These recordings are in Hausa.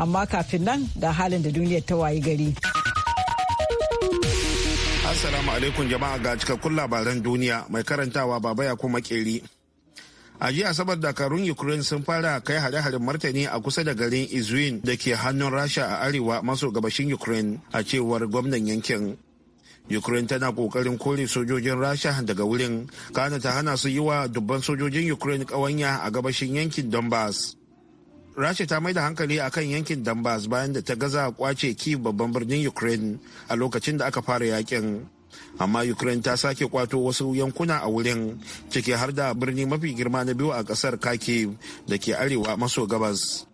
amma kafin nan da halin da duniyar ta wayi gari. Assalamu alaikum jama'a ga cikakkun labaran duniya mai karantawa baba ya kuma keri A jiya asabar dakarun Ukraine sun fara kai hare-haren martani a kusa da garin Izuin da ke hannun Rasha a arewa maso gabashin Ukraine a cewar gwamnan yankin. Ukraine tana kokarin kore sojojin Rasha daga wurin, kana ta hana su yi wa dubban sojojin Ukraine kawanya a gabashin yankin Donbass. rasha ta mai da hankali a kan yankin donbass bayan da ta gaza kwace kiev babban birnin ukraine a lokacin da aka fara yakin amma ukraine ta sake kwato wasu yankuna a wurin ciki har da birni mafi girma na biyu a kasar kharkiv da ke arewa maso gabas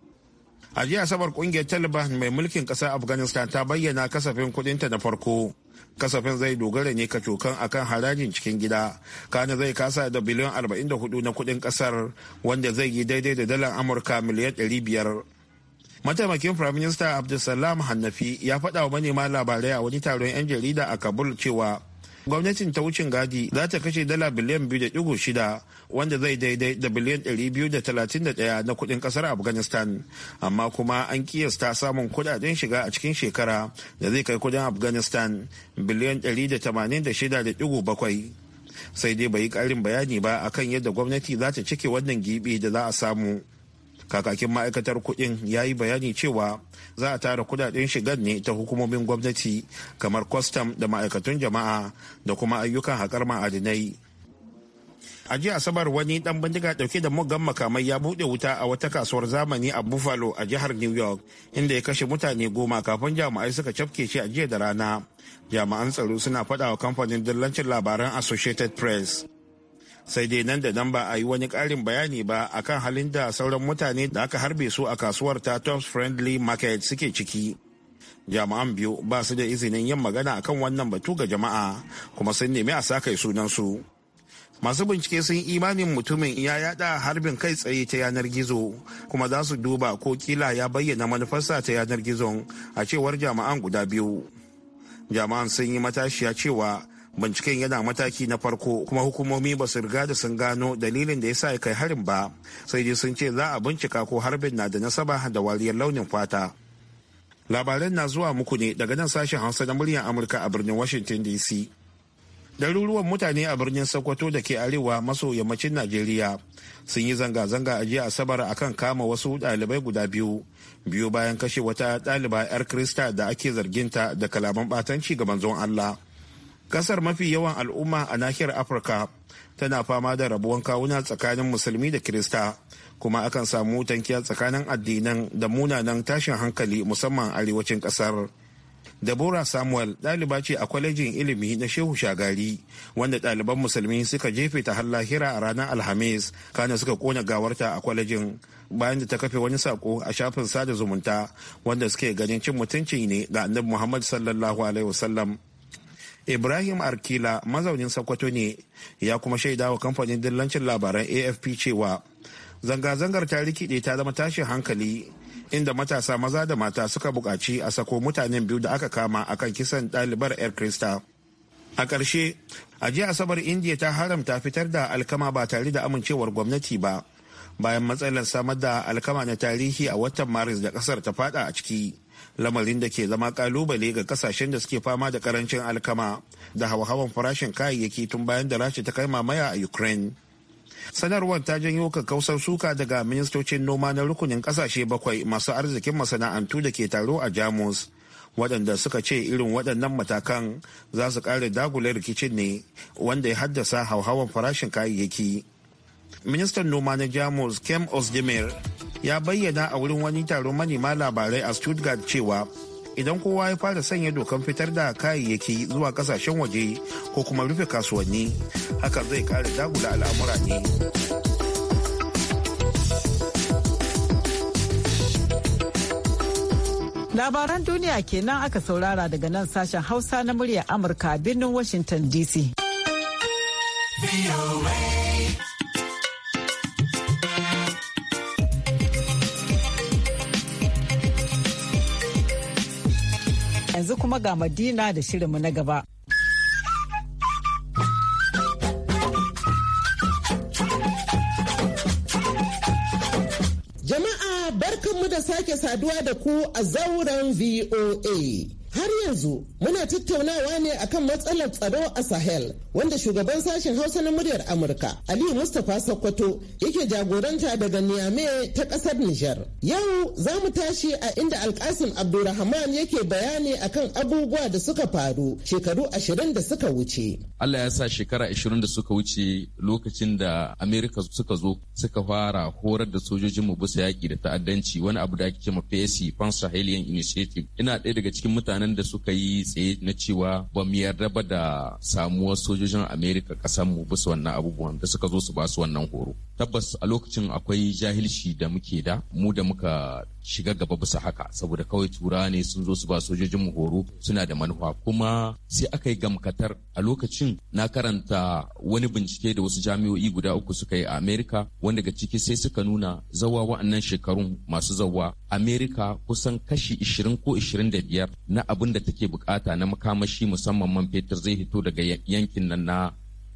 a jiya asabar kungiyar taliban mai mulkin kasar afghanistan ta bayyana kasafin kudinta na farko kasafin zai dogara ne ka kacokan akan harajin cikin gida kana zai kasa da biliyan 44 na kudin kasar wanda zai yi daidai da dalar amurka miliyan 500 mataimakin firaminista abdulsalam hannafi ya faɗa wa manema labarai a wani taron 'yan jarida a kabul cewa gwamnatin ta wucin gadi za ta kashe dala biliyan biyu wanda zai daidai da biliyan 231 biyu na kudin kasar afghanistan amma kuma an kiyasta samun kudaden shiga a cikin shekara da zai kai kudin afghanistan biliyan 186.7 sai dai bai yi karin bayani ba akan yadda gwamnati za ta cike wannan gibi da za a samu kakakin ma'aikatar kuɗin ya yi bayani cewa za a tara kudaden shigar ne ta hukumomin gwamnati kamar kwastam da ma'aikatun jama'a da kuma ayyukan haƙar ma'adinai a jiya asabar wani dan bindiga dauke da muggan makamai ya bude wuta a wata kasuwar zamani a buffalo a jihar new york inda ya kashe mutane goma kafin jami'ai suka cafke shi a jiya da rana jami'an tsaro suna faɗawa wa kamfanin dillancin labaran associated press sai dai nan da nan ba a yi wani ƙarin bayani ba akan halin da sauran mutane da aka harbe su a kasuwar ta Tom's Friendly Market suke ciki. jama'an biyu ba su da izinin yin magana akan wannan batu ga jama'a kuma sun nemi a sakai sunan su Masu bincike sun imanin mutumin ya yada harbin kai tsaye ta yanar gizo kuma za su duba ko kila ya bayyana manufarsa ta yanar gizon a cewar jama'an guda biyu. jama'an sun yi matashiya cewa binciken yana mataki na farko kuma hukumomi ba su riga da sun gano dalilin da ya sa ya kai harin ba sai dai sun ce za a bincika ko harbin na da nasaba da wariyar launin fata labaran na zuwa muku ne daga nan sashen hausa na muryar amurka a birnin washington dc daruruwan mutane a birnin sokoto da ke arewa maso yammacin najeriya sun yi zanga-zanga a jiya asabar kan kama wasu ɗalibai guda biyu biyu bayan kashe wata ɗaliba 'yar krista da ake zarginta da kalaman batanci ga manzon allah kasar mafi yawan al'umma a nahiyar afirka tana fama da rabuwan kawuna tsakanin musulmi da kirista kuma akan samu tankiya tsakanin addinan da munanan tashin hankali musamman arewacin kasar Deborah Samuel ɗaliba ce a kwalejin ilimi na Shehu Shagari wanda ɗaliban musulmi suka jefe ta har lahira a ranar Alhamis kana suka kona gawarta a kwalejin bayan da ta kafe wani sako a shafin sada zumunta wanda suke ganin cin mutunci ne ga annabi Muhammad sallallahu alaihi wasallam. ibrahim arkila mazaunin sokoto ne ya kuma shaida wa kamfanin dillancin labaran afp cewa zanga-zangar ta rikide ta zama tashin hankali inda matasa maza da mata suka buƙaci a sako mutanen biyu da aka kama a kan kisan ɗalibar 'yar krista a ƙarshe a jiya asabar india ta haramta fitar da alkama ba tare da amincewar gwamnati ba bayan matsalar samar da alkama na tarihi a watan maris da ƙasar ta fada a ciki lamarin da ke zama kalubale ga kasashen da suke fama da karancin alkama da hauhawan farashin kayayyaki tun bayan da rashi ta kai mamaya a ukraine sanarwar ta janyo kakkausar suka daga ministocin noma na rukunin kasashe bakwai masu arzikin masana'antu da ke taro a jamus waɗanda suka ce irin waɗannan matakan za su ƙara dagula rikicin ne wanda ya haddasa hauhawan farashin kayayyaki ministan noma na jamus kem osdemir ya bayyana a wurin wani taron manema labarai a stuttgart cewa idan kowa ya fara sanya dokan fitar da kayayyaki zuwa kasashen waje ko kuma rufe kasuwanni hakan zai kare dagula al'amura ne labaran duniya kenan aka saurara daga nan sashen hausa na muryar amurka birnin washington dc Yanzu kuma ga Madina da shirinmu na gaba. Jama'a barkanmu da sake saduwa da ku a zauren VOA. Har yanzu muna tattaunawa ne akan matsalar tsaro a Sahel wanda shugaban sashen Hausa na muryar Amurka Aliyu Mustapha Sokoto yake jagoranta daga Niamey ta kasar Nijar. Yau za mu tashi a inda Alkasim Abdulrahman yake bayani akan abubuwa da suka faru shekaru ashirin da suka wuce. Allah ya sa shekara ashirin da suka wuce lokacin da Amerika suka zo suka fara horar da sojojin mu bisa yaƙi da ta'addanci wani abu da ake cewa PSC e, Pan Sahelian Initiative. Ina ɗaya daga cikin mutanen nan da suka yi tsaye na cewa ba mu yarda ba da samuwar sojojin Amerika kasan mu bisa wannan abubuwan da suka zo su basu wannan horo. Tabbas a lokacin akwai jahilci da muke da mu da muka shiga gaba bisa haka saboda kawai tura ne sun zo su ba sojojin mu horo suna da manufa kuma sai aka yi gamkatar a lokacin na karanta wani bincike da wasu jami'o'i guda uku suka yi a Amerika wanda daga ciki sai suka nuna zawa wa'annan shekarun masu zawa Amerika kusan kashi 20 ko 25 na abin da take bukata na makamashi musamman man fetur zai hito daga yankin nan na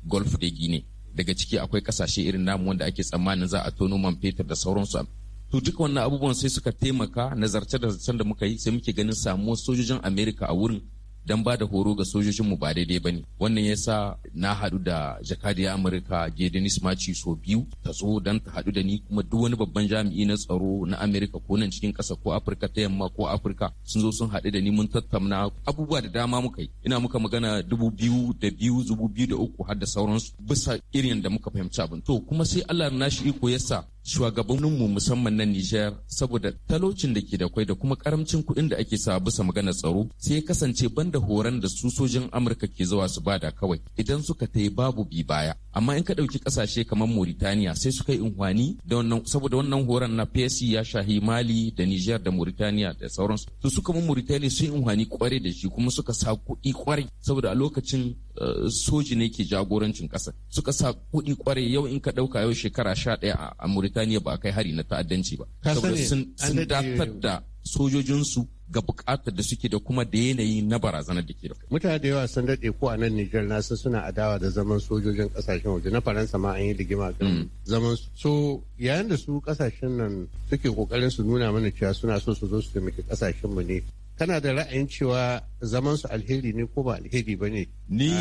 Golf da gine. daga ciki akwai kasashe irin namu wanda ake tsammanin za a tono man fetur da sauransu to duk wannan abubuwan sai suka taimaka nazarce da zancen da muka yi sai muke ganin samuwar sojojin amerika a wurin don ba da horo ga sojojin mu ba daidai ba ne wannan ya sa na haɗu da jakadiyar amurka gedenis maci so biyu ta zo don ta haɗu da ni kuma duk wani babban jami'i na tsaro na amurka ko nan cikin ƙasa ko afirka ta yamma ko afirka sun zo sun haɗu da ni mun tattauna abubuwa da dama muka yi ina muka magana dubu biyu da biyu dubu biyu da uku har da sauransu bisa irin da muka fahimci abin to kuma sai allah na shi iko ya sa shugabanninmu musamman na Nijar saboda talocin da ke da kwai da kuma karamcin kuɗin da ake sa bisa maganar tsaro sai ya kasance ban da horon da su sojin amurka ke zuwa su bada kawai idan suka ta babu bi baya amma in ka ɗauki ƙasashe kamar mauritaniya sai suka yi inhwani saboda wannan horon na psc ya shahi mali da niger da mauritaniya da sauransu to su kamar mauritaniya sun yi inhwani kware da shi kuma suka sa kuɗi kware saboda a lokacin eh, soji ne ke jagorancin ƙasa suka sa kuɗi kwarai yau in ka ɗauka yau shekara sha ɗaya a mauritaniya ba kai hari na ta'addanci ba saboda sun dakatar da sojojinsu ga bukatar da suke da kuma da yanayi na barazanar da ke da mutane da yawa sun daɗe ko a nan Nijar na san suna adawa da zaman sojojin ƙasashen waje na Faransa ma an yi rigima kan mm. zaman so yayin da su ƙasashen nan suke ƙoƙarin su nuna mana cewa suna so su zo su taimaki kasashen mu ne kana da ra'ayin cewa zaman su alheri ne ko ba alheri ba ne ni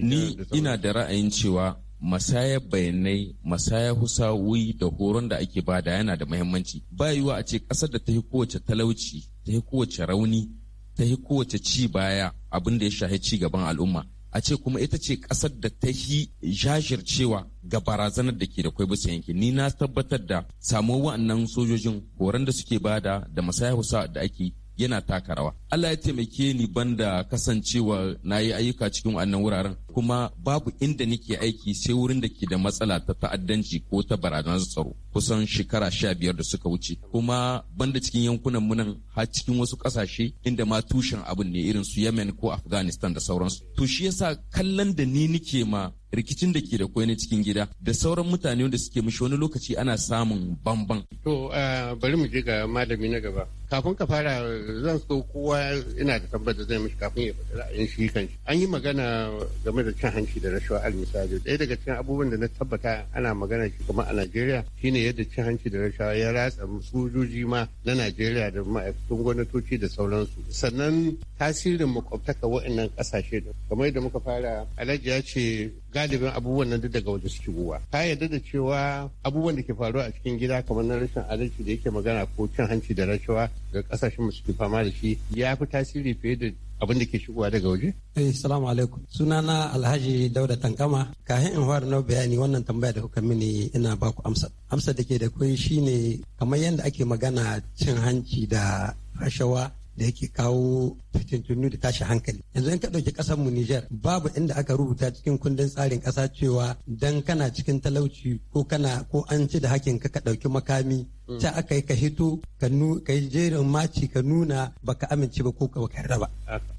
ni ina da ra'ayin cewa Masaya bayanai masaya husawoyi da horon da ake bada yana da muhimmanci ba yiwa a ce ƙasar da ta yi kowace talauci ta yi kowace rauni ta yi kowace ci baya abin da ya shahi ci gaban al'umma a ce kuma ita ce ƙasar da ta yi jajircewa ga barazanar da ke da kwai bisa yankin ni na tabbatar da samuwa wa'annan sojojin horon da suke bada da masaya husa da ake yana taka rawa. Allah ya taimake ni banda kasancewa na yi ayyuka cikin wannan wuraren kuma babu inda nake aiki sai wurin da ke da matsala ta ta'addanci ko ta barazanar tsaro kusan shekara sha biyar da suka wuce kuma banda cikin yankunan munan har cikin wasu kasashe inda ma tushen abin ne irin su Yemen ko Afghanistan da sauransu. To shi yasa kallon da ni nike ma rikicin da ke da kwai cikin gida da sauran mutane wanda suke mishi wani lokaci ana samun bamban. To eh, bari mu je ga malami na gaba. kafin ka fara zan so kowa ina da tabbata zai mishi kafin ya fita ra'ayin shi kan shi an yi magana game da cin hanci da rashawa al misali ɗaya daga cikin abubuwan da na tabbata ana magana shi kuma a Najeriya shine yadda cin hanci da rashawa ya ratsa sojoji ma na Najeriya da ma'aikatan gwamnatoci da sauransu sannan tasirin makwabtaka waɗannan ƙasashe da kamar yadda muka fara Alhaji ya ce galibin abubuwan nan duk daga waje suke gowa ka yarda da cewa abubuwan da ke faruwa a cikin gida kamar na rashin adalci da yake magana ko cin hanci da rashawa ga kasashen mu suke fama da shi ya fi tasiri fiye da abin da ke shigowa daga waje? Eh, salamu alaikum. Sunana Alhaji Dauda Tankama. Kahin in fara na bayani wannan tambaya da kuka mini ina ba ku amsa. Amsa da ke da kai shine kamar yadda ake magana cin hanci da rashawa da yake kawo fitintunu da tashi hankali yanzu in ka ɗauki kasar mu Nijar babu inda aka rubuta cikin kundin tsarin ƙasa cewa dan kana cikin talauci ko kana ko an ci da hakin ka ka ɗauki makami mm. ta aka yi ka hito ka yi jerin maci ka nuna baka amince ba ko ka raba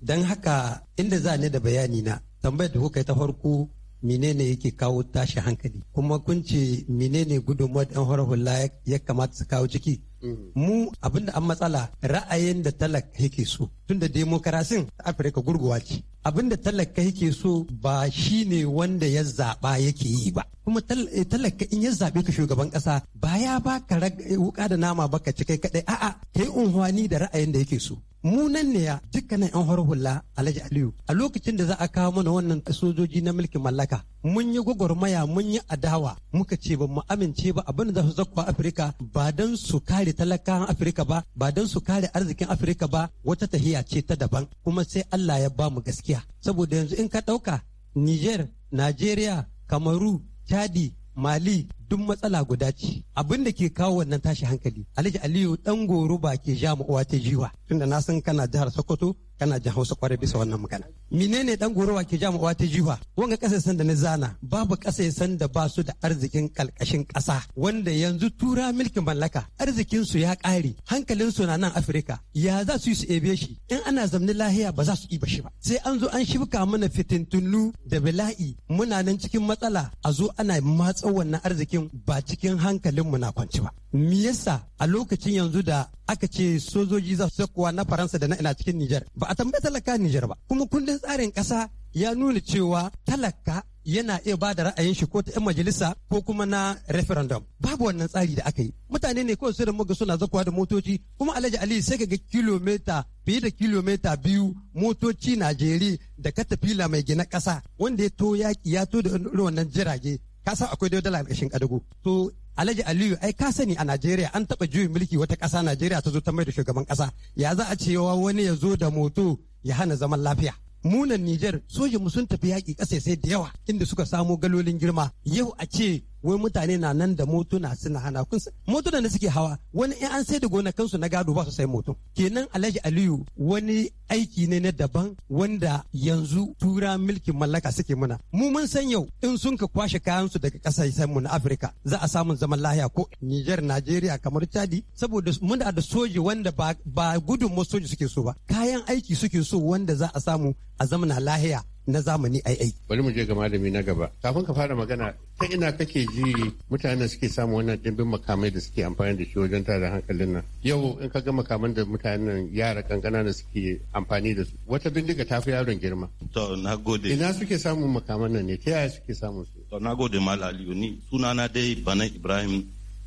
dan haka inda za ne da bayani na tambayar da kuka ta farko menene yake kawo tashi hankali kuma kun ce menene gudunmuwa yan horar hula ya kamata su kawo ciki mm. mu abinda an matsala ra'ayin da talaka yake so tunda demokarasin afirka gurguwa ce abinda talaka yake so ba shine wanda ya zaba yake yi ba kuma eh, talaka in ya zabe ka shugaban kasa ba ya baka eh, wuka da nama baka ci kai kadai a'a kai unhwani da ra'ayin da yake so mu ne ya dukkanin an horo hula alhaji aliyu a lokacin da za a kawo mana wannan sojoji na mulkin mallaka mun yi gwagwarmaya mun yi adawa muka ce ba mu amince ba abin da za su zakwa afirka ba don su kare talakawan afirka ba ba don su kare arzikin afirka ba wata tahiya ce ta daban kuma sai allah ya ba mu gaskiya saboda yanzu in ka ɗauka niger nigeria kamaru chadi mali duk matsala guda ce abin da ke kawo wannan tashi hankali alhaji aliyu dan goro ba ke ja uwa ta jiwa tunda na san kana jihar sokoto kana jin hausa kwarai bisa wannan magana menene dan ba ke ja uwa ta jiwa wanga san da na zana babu san da ba su da arzikin kalkashin kasa wanda yanzu tura milkin mallaka arzikin su ya kare hankalin su na nan afirka ya za su yi su ebe shi in ana zamni lahiya ba za su iba shi ba sai an zo an shibka mana fitintunu da bala'i muna nan cikin matsala a zo ana matsa wannan arzikin cikin ba cikin hankalinmu na kwanci ba. Me yasa a lokacin yanzu da aka ce sojoji za su sakuwa na Faransa da na ina cikin Nijar ba a tambayi talaka Nijar ba. Kuma kundin tsarin ƙasa ya nuna cewa talaka yana iya ba da ra'ayin shi ko ta 'yan majalisa ko kuma na referendum babu wannan tsari da aka yi mutane ne kawai su da muga suna zakuwa da motoci kuma alhaji ali sai ka ga kilomita fiye da kilomita biyu motoci Najeriya da katafila mai gina ƙasa wanda ya to yaƙi ya to da wannan jirage ka san akwai dala ƙarshen ƙadago to Alhaji Aliyu ai ka sani a Najeriya an taba juyin mulki wata ƙasa Najeriya ta zo ta mai da shugaban ƙasa ya za a cewa wani ya zo da moto ya hana zaman lafiya. Munan Nijar sojin mu sun tafi yaƙi ƙasa sai da yawa inda suka samo galolin girma yau a ce wai mutane na nan da motuna suna hana kun motuna da suke hawa wani in an sai da gona kansu na gado ba su sai moto kenan alhaji aliyu wani aiki ne na daban wanda yanzu tura milkin mallaka suke muna mu mun san yau in sun ka kwashe su daga kasashen mu na afirka za a samu zaman lahiya ko niger nigeria kamar chadi saboda mun da soji wanda ba gudun soji suke so ba kayan aiki suke so wanda za a samu a zamana lahiya na zamani ai ai bari mu je ga malami na gaba kafin ka fara magana ta ina kake ji mutane suke samu wannan dimbin makamai da suke amfani da shi wajen tada hankalin nan yau in ka ga makaman da mutanen yara kankana da suke amfani da su wata bindiga ta fi yaron girma to na gode ina suke samun makaman nan ne ta yaya suke samun su to na gode ma aliyu ni sunana dai bana ibrahim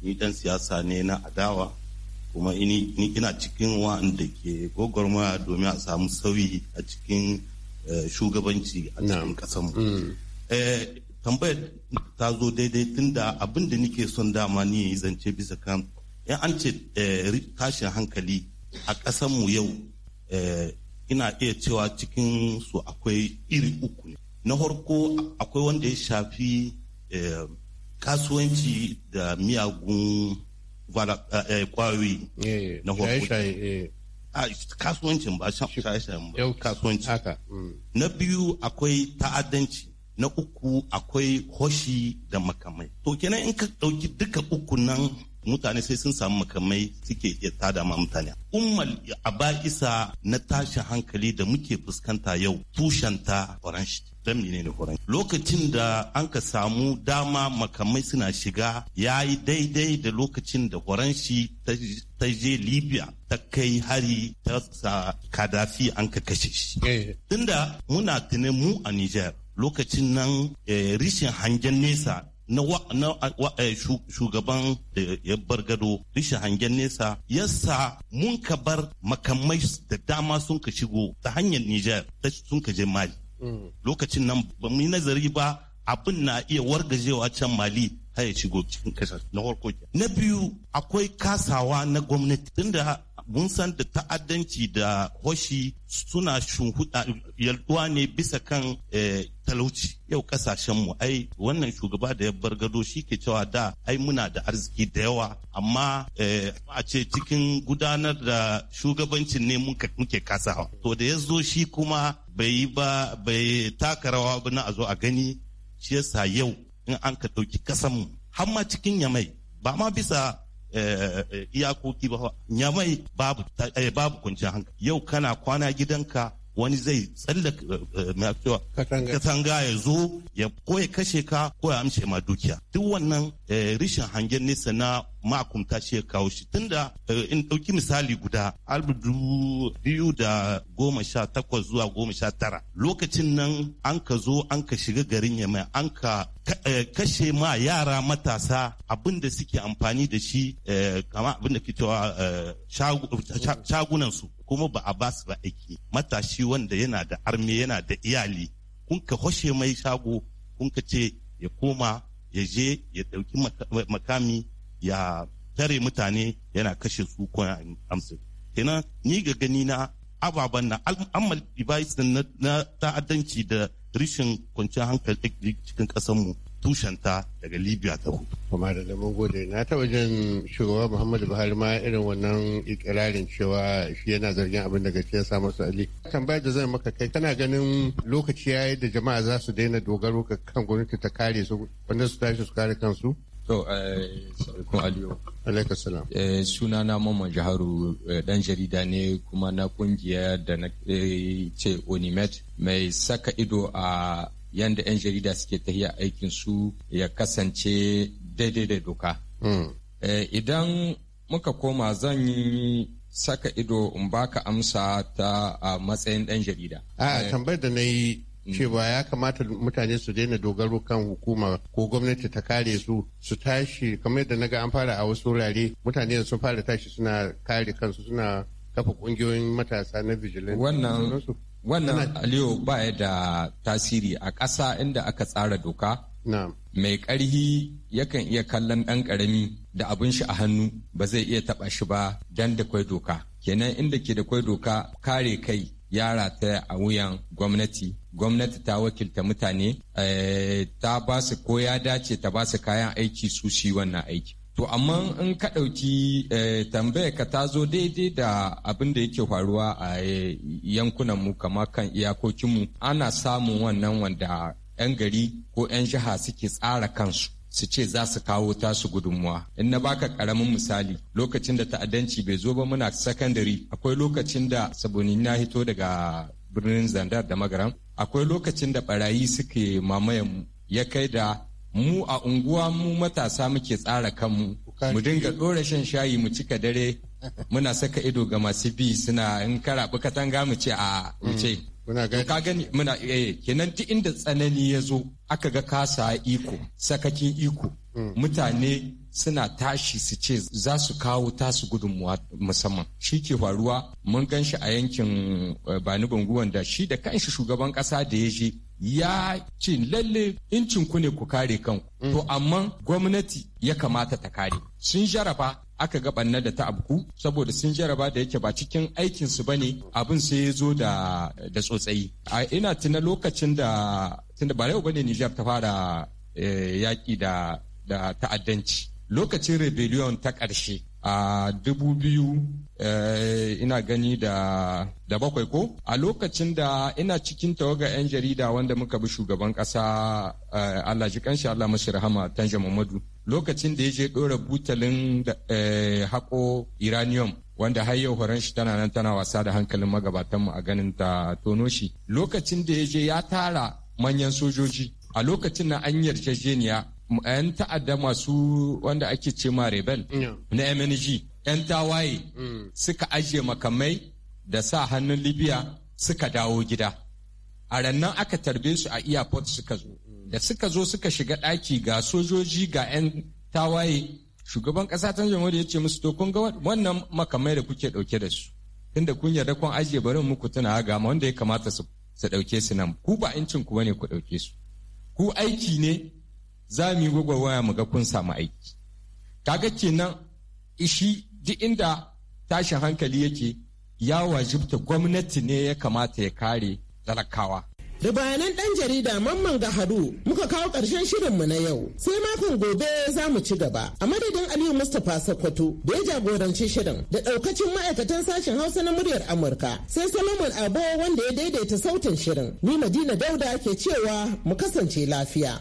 ni dan siyasa ne na adawa kuma ina cikin wa'anda ke gwagwarmaya domin a samu sauyi a cikin Eh, shugabanci a cikin mu. Mm. Eh, tambayar ta zo daidai tun da abin da nike son dama ni yi zance bisa kan in an ce eh, tashin hankali a kasan mu yau ina iya cewa cikin su akwai iri uku ne na harko akwai wanda ya shafi kasuwanci da miyagun kwayoyi na harko a kasuwancin ba ba kasuwanci mm. na biyu akwai ta'addanci na uku akwai hoshi da makamai to kenan in ka ɗauki duka uku nan mutane sai sun samu makamai suke iya tada ma mutane ummal a ba'isa na tashin hankali da muke fuskanta yau tushenta orange dami ne ne kwarai. lokacin da an ka samu dama makamai suna shiga ya yi daidai da lokacin da kwarai shi ta je libya ta kai hari ta sa kadafi an ka kashe shi eh. tunda muna tunan mu a nijar. lokacin nan eh, rishin hangen nesa na eh, shugaban ya bar gado rishin hangen nesa yasa mun ka bar makamai da dama sun ka shigo ta hanyar niger sun ka je mali lokacin nan ba mu yi nazari ba abin na iya wargajewa can mali har ya shigo cikin kasar na farko na biyu akwai kasawa na gwamnati tunda mun san da ta'addanci da hoshi suna shunhuda yalduwa ne bisa kan eh, talauci yau kasashen mu ai wannan shugaba da ya bar gado shi ke cewa da ai muna da arziki da yawa amma eh, a ce cikin gudanar da shugabancin ne muke kasawa to da ya zo shi kuma bai ba bai taka rawa ba na a zo a gani shi yasa yau in an ka ɗauki mu har ma cikin yamai ba ma bisa eh, iyakoki ba yamai babu eh, babu kwanciyar hankali yau kana kwana gidanka wani zai tsalla eh, katanga ya zo ya koya ya kashe ka ko ya amshe ma dukiya duk wannan rishin hangen nesa na makunta shi ya kawo shi tunda eh, in ɗauki misali guda albudu biyu da goma sha takwas zuwa goma sha tara lokacin nan an ka zo an ka shiga garin yamma an ka eh, kashe ma yara matasa abin da suke amfani da shi eh, kama abin da fitowa shagunansu kuma ba a basu ba aiki matashi wanda yana da arme yana da iyali kun ka hoshe mai shago kun ka ce ya koma ya je ya ɗauki makami ya tare mutane yana kashe su ko amsa kenan ni ga gani na ababen na amal device na ta'addanci da rishin kwanciyar hankali cikin kasanmu tushenta daga libya ta hudu. kuma da mun gode na ta wajen shugaba muhammadu buhari ma irin wannan ikirarin cewa shi yana zargin abin da gaci ya sa masa ali tambayar da zan maka kai kana ganin lokaci yayi da jama'a za su daina dogaro ga kan gwamnati ta kare su wanda su tashi su kare kansu To, Suna na Mamman Jaharu eh, dan jarida ne kuma na kungiya da na eh, ce Onimet mai saka ido a yanda 'yan jarida suke tahiya aikin su ya kasance daidai da doka. Hmm. Eh, idan muka koma zan yi saka ido in baka amsa ta a matsayin dan jarida. A ah, tambayar da na yi Mm. cewa ya kamata mutane su daina dogaro kan hukuma ko gwamnati ta kare su su tashi kamar yadda naga an fara a wasu wurare mutane sun fara tashi suna kare kansu suna kafa kungiyoyin matasa na vigilante wannan wannan aliyo baya da tasiri a ƙasa inda aka tsara doka mai ƙarhi yakan iya kallon ɗan ƙarami da abin shi a hannu ba zai iya taɓa shi ba dan da kwai doka kenan inda ke da kwai doka kare kai yara ta a wuyan gwamnati gwamnati ta wakilta mutane eh, ta ba su ko ya dace ta ba su kayan aiki su shi wannan aiki to amma in ka ɗauki eh, tambayar ka ta zo daidai da abin da yake faruwa a eh, yankunanmu mu kama kan iyakokinmu ana samun wannan wanda 'yan gari ko 'yan jiha suke tsara kansu su ce za su kawo tasu gudunmuwa. In na baka karamin misali lokacin da ta'addanci bai zo ba muna sakandare akwai lokacin da saboni na hito daga birnin zandar da magaram akwai lokacin da barayi suke mamayan ya kai da mu a unguwa mu matasa muke tsara kanmu mu dinga ɗora shan shayi mu cika dare muna saka ido ga masu bi suna in karaɓi katanga mu ce a mm, wuce ka gani muna eh kenan duk inda tsanani ya zo aka ga kasa iko sakakin iko mm. mutane suna tashi su ce za su kawo tasu gudunmuwa musamman shi ke faruwa mun gan shi a yankin eh, bani banguwan da shi da kanshi shugaban kasa da ya je ya ce lalle incin ku ne ku kare kanku mm. to amma gwamnati ya kamata ta kare sun jaraba aka ga banna da ta abku saboda sun jaraba da yake ba cikin aikin su bane abin sai ya zo da da tsotsayi a ina tuna lokacin da tunda ba yau bane Nijar ta fara eh, yaki da da ta'addanci lokacin rebellion ta ƙarshe a dubu biyu eh, ina gani da da bakwai ko a lokacin da ina cikin tawaga 'yan jarida wanda muka bi shugaban ƙasa eh, Allah ji kanshi Allah masu rahama Tanja Muhammadu lokacin da ya je ɗora butalin eh, haƙo uranium wanda har yau horon shi tana nan tana wasa da hankalin mu a ganin ta tono shi lokacin da ya je ya tara manyan sojoji a lokacin na an yarjejeniya 'yan ta'adda masu wanda ake ce ma rebel na mng 'yan tawaye mm. suka ajiye makamai da sa hannun libya suka dawo gida a rannan aka tarbe su a airport suka zo da suka zo suka shiga ɗaki ga sojoji ga 'yan tawaye shugaban ƙasa ta jamhuriya ya ce musu to kun ga wannan makamai da kuke ɗauke da su tunda kun yarda kun ajiye barin muku tuna ga wanda ya kamata su ɗauke su nan ku ba incin ku bane ku ɗauke su ku aiki ne za mu yi gwagwarwaya mu ga kun samu aiki kaga kenan ishi duk inda tashin hankali yake ya wajibta gwamnati ne ya kamata ya kare talakawa Da bayanan ɗan jarida Mamman Gahadu muka kawo ƙarshen shirinmu na yau. Sai makon gobe za mu ci gaba. A madadin Aliyu Mustapha Sokoto da ya jagoranci shirin da ɗaukacin ma'aikatan sashen Hausa na muryar Amurka. Sai Solomon Abo wanda ya daidaita sautin shirin. Ni Madina Dauda ke cewa mu kasance lafiya.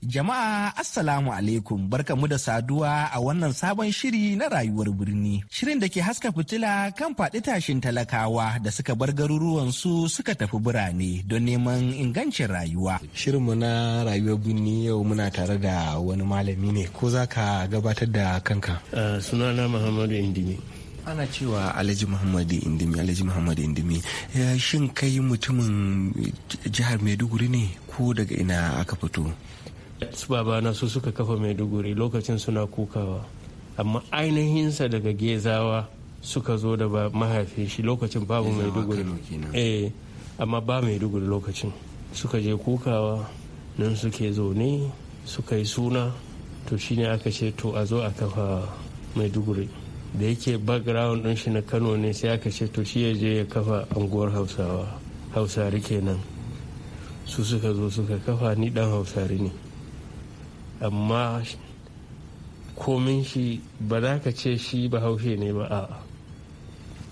Jama'a Assalamu alaikum barkamu da saduwa a wannan sabon shiri na rayuwar birni. Shirin da ke haska fitila kan faɗi tashin talakawa da suka bar garuruwansu suka tafi birane don neman ingancin rayuwa. Shirinmu na rayuwar birni yau muna tare da wani malami ne ko za ka gabatar da kanka? sunana Muhammadu Indimi. ana cewa alhaji muhammadu indimi alhaji muhammadu indimi shin kai mutumin jihar maiduguri ne ko daga ina aka fito su babana su suka kafa maiduguri lokacin suna kukawa amma ainihinsa daga gezawa suka zo da mahaifin shi lokacin babu maiduguri eh amma ba maiduguri lokacin suka je kukawa nan suke zaune suka yi suna to shine aka ce to a zo a kafa maiduguri da yake background din shi na kano ne sai aka ce to shi ya je ya kafa anguwar hausawa hausari kenan su suka zo suka kafa ni dan hausari ne amma komin shi ba za ka ce shi bahaushe ne ba a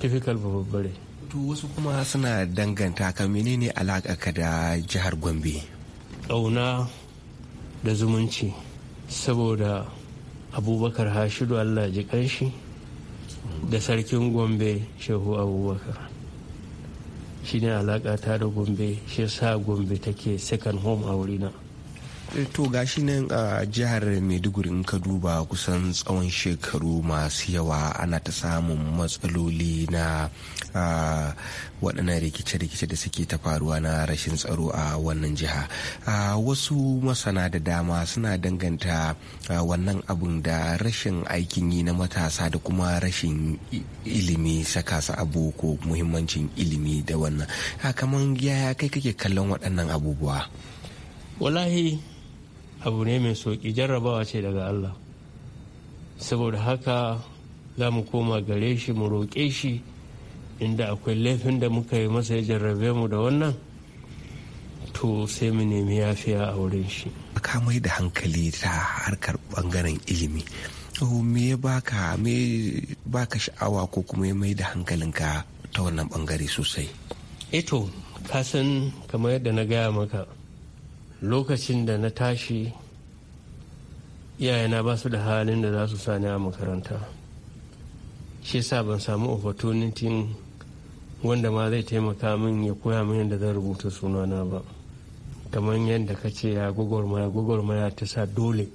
typical babbare to wasu kuma suna danganta ka menene ka da jihar gombe ƙauna da zumunci saboda abubakar hashidu allah ji kanshi da sarkin gombe shehu abubakar shine alaƙa ta da gombe shi sa gombe take second home a wurina. Eh, to gashi nan a jihar maiduguri in ka duba kusan tsawon shekaru masu yawa ana ta samun matsaloli na waɗannan rikice-rikice da suke ta faruwa na rashin tsaro a wannan jiha wasu masana da dama suna danganta wannan abun da rashin aikin yi na matasa da kuma rashin ilimi saka su abu ko muhimmancin ilimi da wannan kamar yaya kai kake kallon waɗannan abubuwa wallahi abu ne mai soki jarrabawa ce daga allah saboda haka za mu koma gare shi mu roƙe shi inda akwai laifin da muka yi masa ya jarrabe mu da wannan to sai mu nemi yafiya a wurin shi ka mai da hankali ta harkar bangaren ilimi me ya baka me baka sha'awa ko kuma ya mai da hankalinka ta wannan bangare sosai eto eh kasan kamar yadda na gaya maka lokacin da na tashi iyayena ba su da halin da za su sani a makaranta shi sa ban samu opportunity wanda ma zai taimaka min ya koya min yadda zan rubuta sunana ba kamar yadda ka ce ya gwagwarmaya gwagwarmaya ta sa dole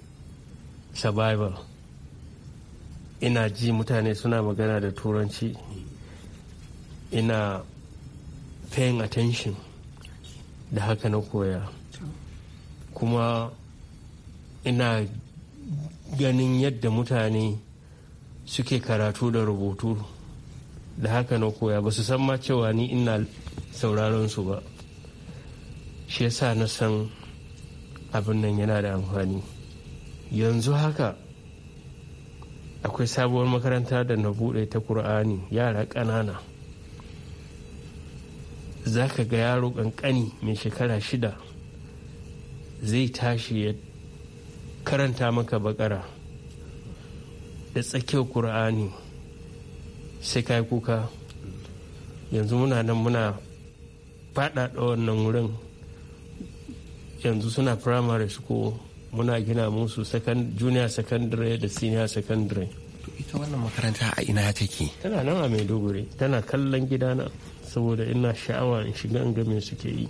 survival ina ji mutane suna magana da turanci ina paying attention da haka na koya kuma ina ganin yadda mutane suke karatu da rubutu da haka na koya ba su san ma cewa ni ina sauraron su ba shi yasa na san abin nan yana da amfani yanzu haka akwai sabuwar makaranta da na bude ta ƙur'ani yara ƙanana za ka ga yaro ƙanƙani mai shekara shida zai tashi ya karanta maka bakara da tsakiyar kur'ani sai kai kuka yanzu muna nan muna faɗaɗa wannan wurin yanzu suna primary school muna gina musu junior secondary da senior secondary ita wannan makaranta a ina take tana nan a maiduguri tana kallon gidana saboda ina sha'awa in shiga in ga me suke yi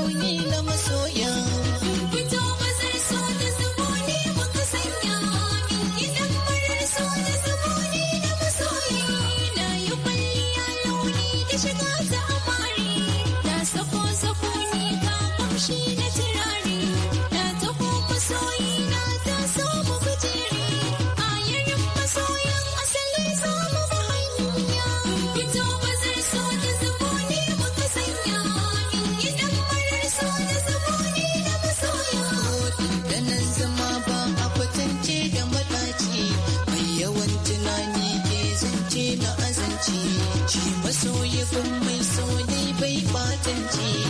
muni mutunci